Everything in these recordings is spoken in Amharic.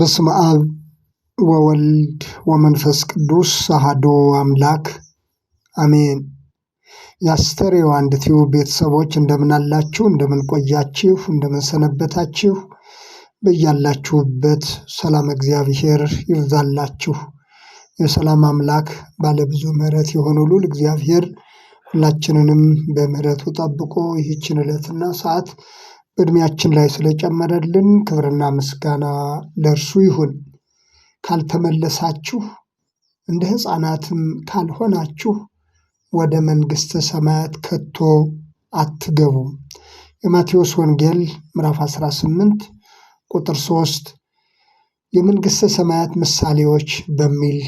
በስመ አብ ወወልድ ወመንፈስ ቅዱስ አሐዱ አምላክ አሜን። የአስተርእዮ አንድ ትዩብ ቤተሰቦች እንደምናላችሁ፣ እንደምንቆያችሁ፣ እንደምንሰነበታችሁ በያላችሁበት ሰላም እግዚአብሔር ይብዛላችሁ። የሰላም አምላክ ባለብዙ ምሕረት የሆኑ ልዑል እግዚአብሔር ሁላችንንም በምሕረቱ ጠብቆ ይህችን ዕለትና ሰዓት እድሜያችን ላይ ስለጨመረልን ክብርና ምስጋና ለእርሱ ይሁን። ካልተመለሳችሁ እንደ ሕፃናትም ካልሆናችሁ ወደ መንግሥተ ሰማያት ከቶ አትገቡም። የማቴዎስ ወንጌል ምዕራፍ 18 ቁጥር 3 የመንግሥተ ሰማያት ምሳሌዎች በሚል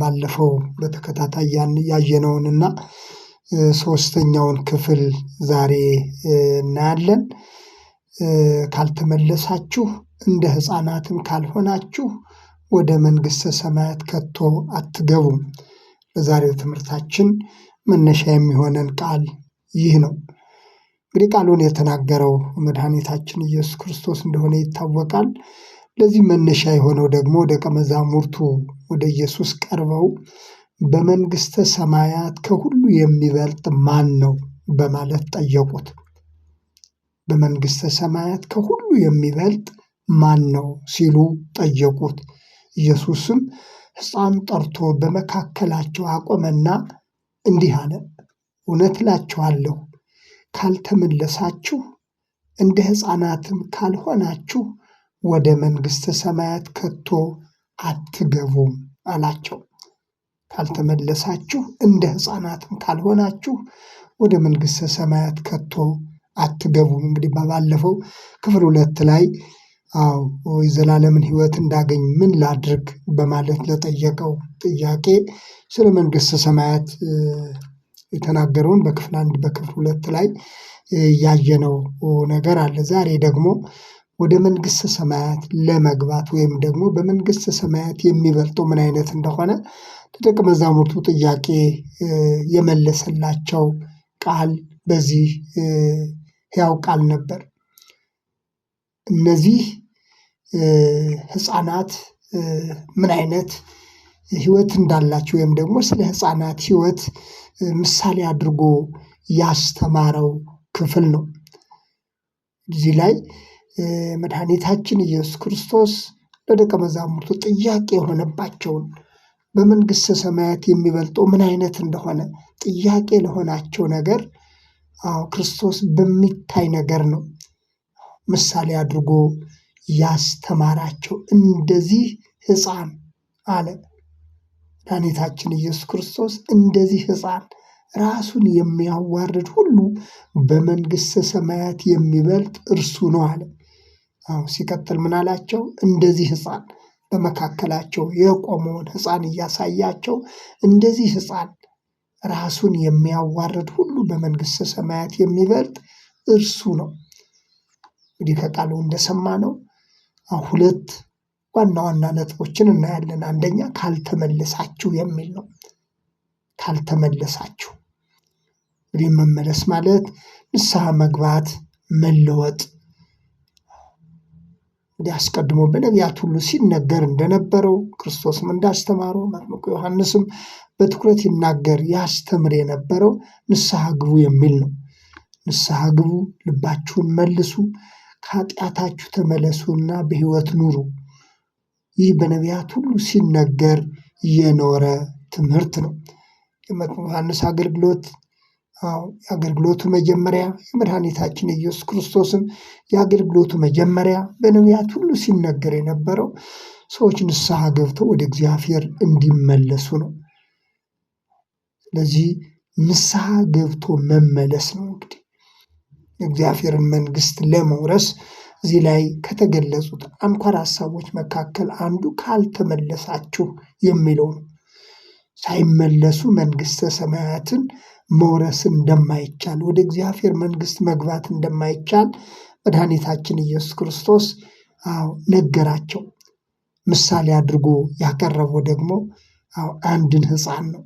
ባለፈው በተከታታይ ያየነውንና ሶስተኛውን ክፍል ዛሬ እናያለን። ካልተመለሳችሁ እንደ ሕፃናትም ካልሆናችሁ ወደ መንግሥተ ሰማያት ከቶ አትገቡም። በዛሬው ትምህርታችን መነሻ የሚሆነን ቃል ይህ ነው። እንግዲህ ቃሉን የተናገረው መድኃኒታችን ኢየሱስ ክርስቶስ እንደሆነ ይታወቃል። ለዚህ መነሻ የሆነው ደግሞ ደቀ መዛሙርቱ ወደ ኢየሱስ ቀርበው በመንግሥተ ሰማያት ከሁሉ የሚበልጥ ማን ነው በማለት ጠየቁት። በመንግሥተ ሰማያት ከሁሉ የሚበልጥ ማን ነው ሲሉ ጠየቁት። ኢየሱስም ሕፃን ጠርቶ በመካከላቸው አቆመና እንዲህ አለ፣ እውነት እላችኋለሁ ካልተመለሳችሁ እንደ ሕፃናትም ካልሆናችሁ ወደ መንግሥተ ሰማያት ከቶ አትገቡም አላቸው። ካልተመለሳችሁ እንደ ሕፃናትም ካልሆናችሁ ወደ መንግሥተ ሰማያት ከቶ አትገቡም። እንግዲህ ባለፈው ክፍል ሁለት ላይ ዘላለምን የዘላለምን እንዳገኝ ምን ላድርግ በማለት ለጠየቀው ጥያቄ ስለ መንግስተ ሰማያት የተናገረውን በክፍል አንድ በክፍል ሁለት ላይ ያየነው ነገር አለ። ዛሬ ደግሞ ወደ መንግስተ ሰማያት ለመግባት ወይም ደግሞ በመንግስተ ሰማያት የሚበልጠው ምን አይነት እንደሆነ ለደቀ መዛሙርቱ ጥያቄ የመለሰላቸው ቃል በዚህ ሕያው ቃል ነበር። እነዚህ ህፃናት ምን አይነት ህይወት እንዳላቸው ወይም ደግሞ ስለ ህፃናት ህይወት ምሳሌ አድርጎ ያስተማረው ክፍል ነው። እዚህ ላይ መድኃኒታችን ኢየሱስ ክርስቶስ ለደቀ መዛሙርቱ ጥያቄ የሆነባቸውን በመንግሥተ ሰማያት የሚበልጠው ምን አይነት እንደሆነ ጥያቄ ለሆናቸው ነገር አዎ ክርስቶስ በሚታይ ነገር ነው ምሳሌ አድርጎ ያስተማራቸው። እንደዚህ ህፃን አለ መድኃኒታችን ኢየሱስ ክርስቶስ እንደዚህ ህፃን ራሱን የሚያዋርድ ሁሉ በመንግሥተ ሰማያት የሚበልጥ እርሱ ነው አለ። አዎ ሲቀጥል ምን አላቸው? እንደዚህ ህፃን በመካከላቸው የቆመውን ህፃን እያሳያቸው እንደዚህ ህፃን። ራሱን የሚያዋርድ ሁሉ በመንግስት ሰማያት የሚበልጥ እርሱ ነው። እንግዲህ ከቃሉ ነው ሁለት ዋና ዋና ነጥቦችን እናያለን። አንደኛ ካልተመለሳችሁ የሚል ነው። ካልተመለሳችሁ እንግዲህ መመለስ ማለት ንስሐ መግባት መለወጥ እንዲህ አስቀድሞ በነቢያት ሁሉ ሲነገር እንደነበረው ክርስቶስም እንዳስተማረው መጥምቁ ዮሐንስም በትኩረት ይናገር ያስተምር የነበረው ንስሐ ግቡ የሚል ነው። ንስሐ ግቡ፣ ልባችሁን መልሱ፣ ከኃጢአታችሁ ተመለሱና በሕይወት ኑሩ። ይህ በነቢያት ሁሉ ሲነገር የኖረ ትምህርት ነው። የመጥምቁ ዮሐንስ አገልግሎት የአገልግሎቱ መጀመሪያ የመድኃኒታችን ኢየሱስ ክርስቶስም የአገልግሎቱ መጀመሪያ በነቢያት ሁሉ ሲነገር የነበረው ሰዎች ንስሐ ገብተው ወደ እግዚአብሔር እንዲመለሱ ነው። ስለዚህ ንስሐ ገብቶ መመለስ ነው። እንግዲህ የእግዚአብሔርን መንግስት ለመውረስ እዚህ ላይ ከተገለጹት አንኳር ሀሳቦች መካከል አንዱ ካልተመለሳችሁ የሚለው ነው። ሳይመለሱ መንግስተ ሰማያትን መውረስ እንደማይቻል ወደ እግዚአብሔር መንግስት መግባት እንደማይቻል መድኃኒታችን ኢየሱስ ክርስቶስ ነገራቸው። ምሳሌ አድርጎ ያቀረበው ደግሞ አንድን ህፃን ነው።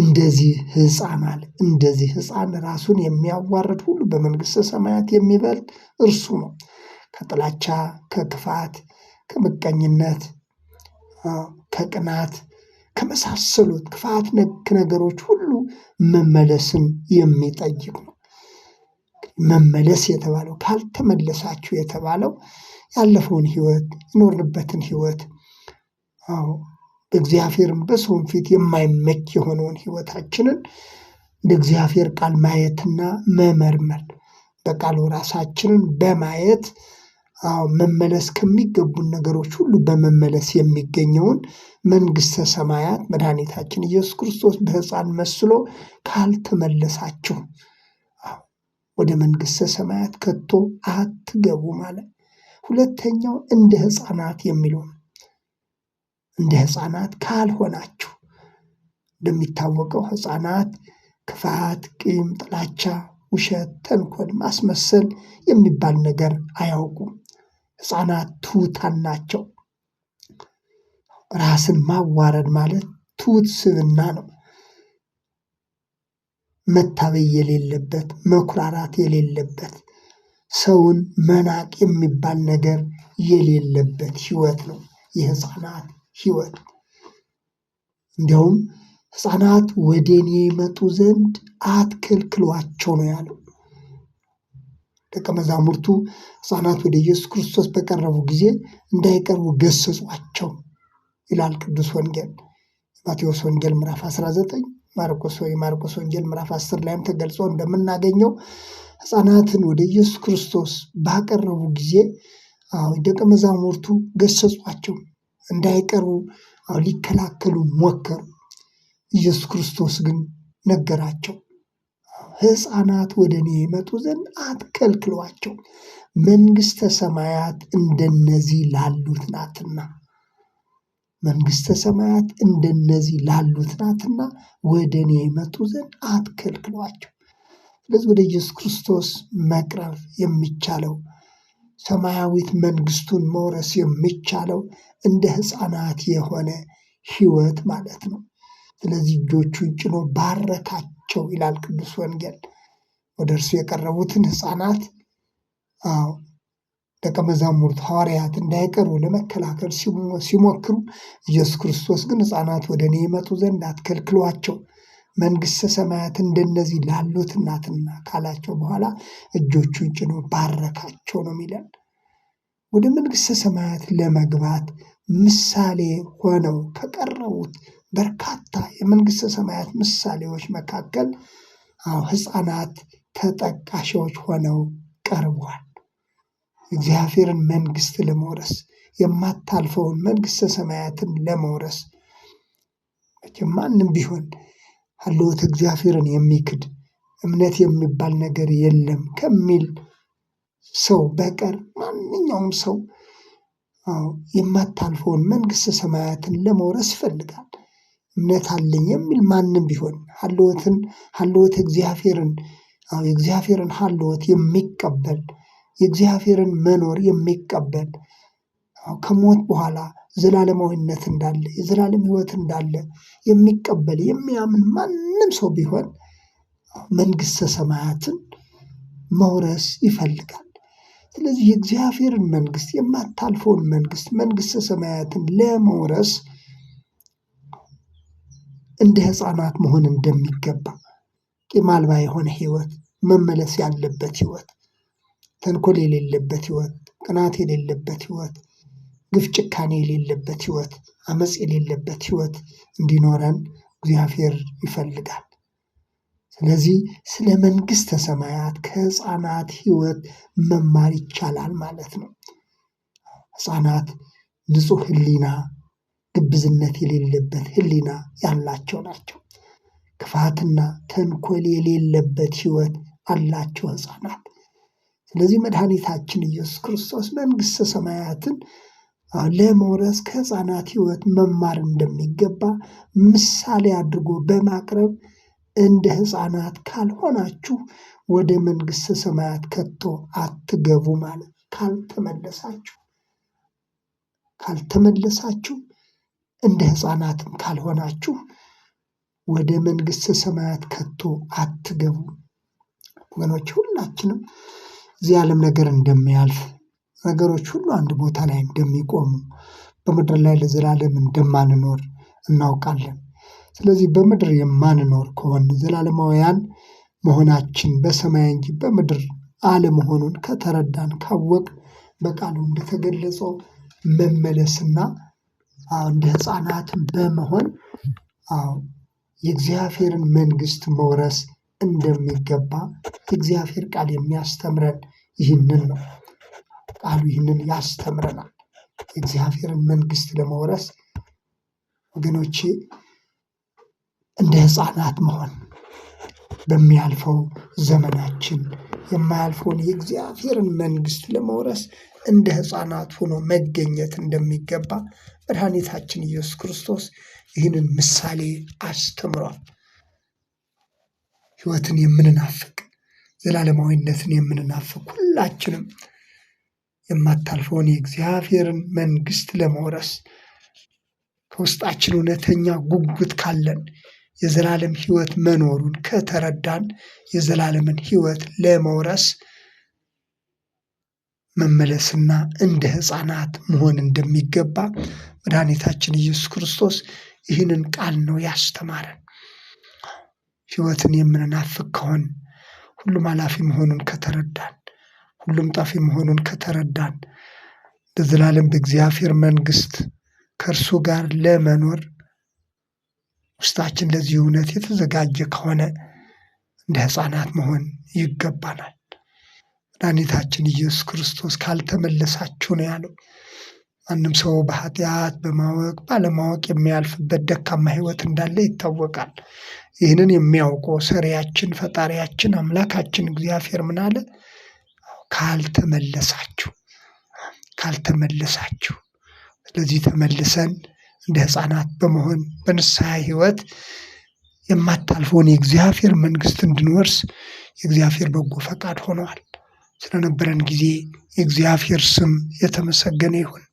እንደዚህ ህፃን አለ። እንደዚህ ህፃን ራሱን የሚያዋርድ ሁሉ በመንግስት ሰማያት የሚበልጥ እርሱ ነው። ከጥላቻ፣ ከክፋት፣ ከምቀኝነት፣ ከቅናት ከመሳሰሉት ክፋት ነክ ነገሮች ሁሉ መመለስን የሚጠይቅ ነው። መመለስ የተባለው ካልተመለሳችሁ የተባለው ያለፈውን ህይወት የኖርንበትን ህይወት አዎ በእግዚአብሔርም በሰውን ፊት የማይመች የሆነውን ህይወታችንን እንደ እግዚአብሔር ቃል ማየትና መመርመር በቃሉ ራሳችንን በማየት አዎ መመለስ ከሚገቡን ነገሮች ሁሉ በመመለስ የሚገኘውን መንግሥተ ሰማያት መድኃኒታችን ኢየሱስ ክርስቶስ በሕፃን መስሎ ካልተመለሳችሁ ወደ መንግሥተ ሰማያት ከቶ አትገቡም አለ። ሁለተኛው እንደ ሕፃናት የሚለው እንደ ሕፃናት ካልሆናችሁ እንደሚታወቀው ሕፃናት ክፋት፣ ቂም፣ ጥላቻ፣ ውሸት፣ ተንኮል፣ ማስመሰል የሚባል ነገር አያውቁም። ሕፃናት ትሑታን ናቸው። ራስን ማዋረድ ማለት ትሑት ስብና ነው። መታበይ የሌለበት መኩራራት የሌለበት ሰውን መናቅ የሚባል ነገር የሌለበት ህይወት ነው የህፃናት ህይወት። እንዲያውም ህፃናት ወደ እኔ ይመጡ ዘንድ አትከልክሏቸው ነው ያለው። ደቀ መዛሙርቱ ህፃናት ወደ ኢየሱስ ክርስቶስ በቀረቡ ጊዜ እንዳይቀርቡ ገሰጿቸው። ይላል ቅዱስ ወንጌል። ማቴዎስ ወንጌል ምዕራፍ 19 ማርቆስ ወይ ማርቆስ ወንጌል ምዕራፍ 10 ላይም ተገልጾ እንደምናገኘው ሕፃናትን ወደ ኢየሱስ ክርስቶስ ባቀረቡ ጊዜ ደቀ መዛሙርቱ ገሰጿቸው፣ እንዳይቀርቡ ሊከላከሉ ሞከሩ። ኢየሱስ ክርስቶስ ግን ነገራቸው። ሕፃናት ወደ እኔ የመጡ ዘንድ አትከልክሏቸው፣ መንግሥተ ሰማያት እንደነዚህ ላሉት ናትና። መንግሥተ ሰማያት እንደነዚህ ላሉት ናትና ወደ እኔ የመጡ ዘንድ አትከልክሏቸው። ስለዚህ ወደ ኢየሱስ ክርስቶስ መቅረብ የሚቻለው ሰማያዊት መንግሥቱን መውረስ የሚቻለው እንደ ሕፃናት የሆነ ሕይወት ማለት ነው። ስለዚህ እጆቹን ጭኖ ባረካቸው ይላል ቅዱስ ወንጌል። ወደ እርሱ የቀረቡትን ሕፃናት ደቀ መዛሙርት ሐዋርያት እንዳይቀሩ ለመከላከል ሲሞክሩ ኢየሱስ ክርስቶስ ግን ሕፃናት ወደ እኔ ይመጡ ዘንድ አትከልክሏቸው መንግሥተ ሰማያት እንደነዚህ ላሉት ናትና ካላቸው በኋላ እጆቹን ጭኖ ባረካቸው ነው የሚለን። ወደ መንግሥተ ሰማያት ለመግባት ምሳሌ ሆነው ከቀረቡት በርካታ የመንግሥተ ሰማያት ምሳሌዎች መካከል ሕፃናት ተጠቃሾች ሆነው ቀርቧል። እግዚአብሔርን መንግስት ለመውረስ የማታልፈውን መንግስተ ሰማያትን ለመውረስ ማንም ቢሆን ሀልዎት እግዚአብሔርን የሚክድ እምነት የሚባል ነገር የለም ከሚል ሰው በቀር ማንኛውም ሰው የማታልፈውን መንግስተ ሰማያትን ለመውረስ ይፈልጋል። እምነት አለኝ የሚል ማንም ቢሆን ሀልዎትን እግዚአብሔርን የእግዚአብሔርን የሚቀበል የእግዚአብሔርን መኖር የሚቀበል ከሞት በኋላ ዘላለማዊነት እንዳለ የዘላለም ሕይወት እንዳለ የሚቀበል የሚያምን ማንም ሰው ቢሆን መንግሥተ ሰማያትን መውረስ ይፈልጋል። ስለዚህ የእግዚአብሔርን መንግሥት የማታልፈውን መንግሥት መንግሥተ ሰማያትን ለመውረስ እንደ ሕፃናት መሆን እንደሚገባ ቂም አልባ የሆነ ሕይወት መመለስ ያለበት ሕይወት ተንኮል የሌለበት ህይወት፣ ቅናት የሌለበት ህይወት፣ ግፍ ጭካኔ የሌለበት ህይወት፣ አመፅ የሌለበት ህይወት እንዲኖረን እግዚአብሔር ይፈልጋል። ስለዚህ ስለ መንግስተ ሰማያት ከህፃናት ህይወት መማር ይቻላል ማለት ነው። ህፃናት ንጹህ ህሊና፣ ግብዝነት የሌለበት ህሊና ያላቸው ናቸው። ክፋትና ተንኮል የሌለበት ህይወት አላቸው ህፃናት። ስለዚህ መድኃኒታችን ኢየሱስ ክርስቶስ መንግሥተ ሰማያትን ለመውረስ ከህፃናት ህይወት መማር እንደሚገባ ምሳሌ አድርጎ በማቅረብ እንደ ህፃናት ካልሆናችሁ ወደ መንግሥተ ሰማያት ከቶ አትገቡ ማለት ካልተመለሳችሁ ካልተመለሳችሁ እንደ ህፃናትም ካልሆናችሁ ወደ መንግሥተ ሰማያት ከቶ አትገቡ። ወገኖች ሁላችንም እዚህ ዓለም ነገር እንደሚያልፍ ነገሮች ሁሉ አንድ ቦታ ላይ እንደሚቆሙ በምድር ላይ ለዘላለም እንደማንኖር እናውቃለን። ስለዚህ በምድር የማንኖር ከሆን ዘላለማውያን መሆናችን በሰማይ እንጂ በምድር አለመሆኑን ከተረዳን ካወቅ በቃሉ እንደተገለጸው መመለስና እንደ ህፃናትም በመሆን የእግዚአብሔርን መንግስት መውረስ እንደሚገባ የእግዚአብሔር ቃል የሚያስተምረን ይህንን ነው። ቃሉ ይህንን ያስተምረናል። የእግዚአብሔርን መንግስት ለመውረስ ወገኖቼ እንደ ህፃናት መሆን በሚያልፈው ዘመናችን የማያልፈውን የእግዚአብሔርን መንግስት ለመውረስ እንደ ህፃናት ሆኖ መገኘት እንደሚገባ መድኃኒታችን ኢየሱስ ክርስቶስ ይህንን ምሳሌ አስተምሯል። ህይወትን የምንናፍቅ ዘላለማዊነትን የምንናፍቅ ሁላችንም የማታልፈውን የእግዚአብሔርን መንግስት ለመውረስ ከውስጣችን እውነተኛ ጉጉት ካለን የዘላለም ህይወት መኖሩን ከተረዳን የዘላለምን ህይወት ለመውረስ መመለስና እንደ ህፃናት መሆን እንደሚገባ መድኃኒታችን ኢየሱስ ክርስቶስ ይህንን ቃል ነው ያስተማረን። ህይወትን የምንናፍቅ ከሆን ሁሉም ኃላፊ መሆኑን ከተረዳን ሁሉም ጣፊ መሆኑን ከተረዳን ለዘላለም በእግዚአብሔር መንግስት ከእርሱ ጋር ለመኖር ውስጣችን ለዚህ እውነት የተዘጋጀ ከሆነ እንደ ህፃናት መሆን ይገባናል። መድኃኒታችን ኢየሱስ ክርስቶስ ካልተመለሳችሁ ነው ያለው። ማንም ሰው በኃጢአት በማወቅ ባለማወቅ የሚያልፍበት ደካማ ህይወት እንዳለ ይታወቃል። ይህንን የሚያውቀው ሰሪያችን ፈጣሪያችን አምላካችን እግዚአብሔር ምን አለ? ካልተመለሳችሁ ካልተመለሳችሁ። ስለዚህ ተመልሰን እንደ ህፃናት በመሆን በንስሐ ህይወት የማታልፈውን የእግዚአብሔር መንግስት እንድንወርስ የእግዚአብሔር በጎ ፈቃድ ሆነዋል። ስለነበረን ጊዜ የእግዚአብሔር ስም የተመሰገነ ይሁን።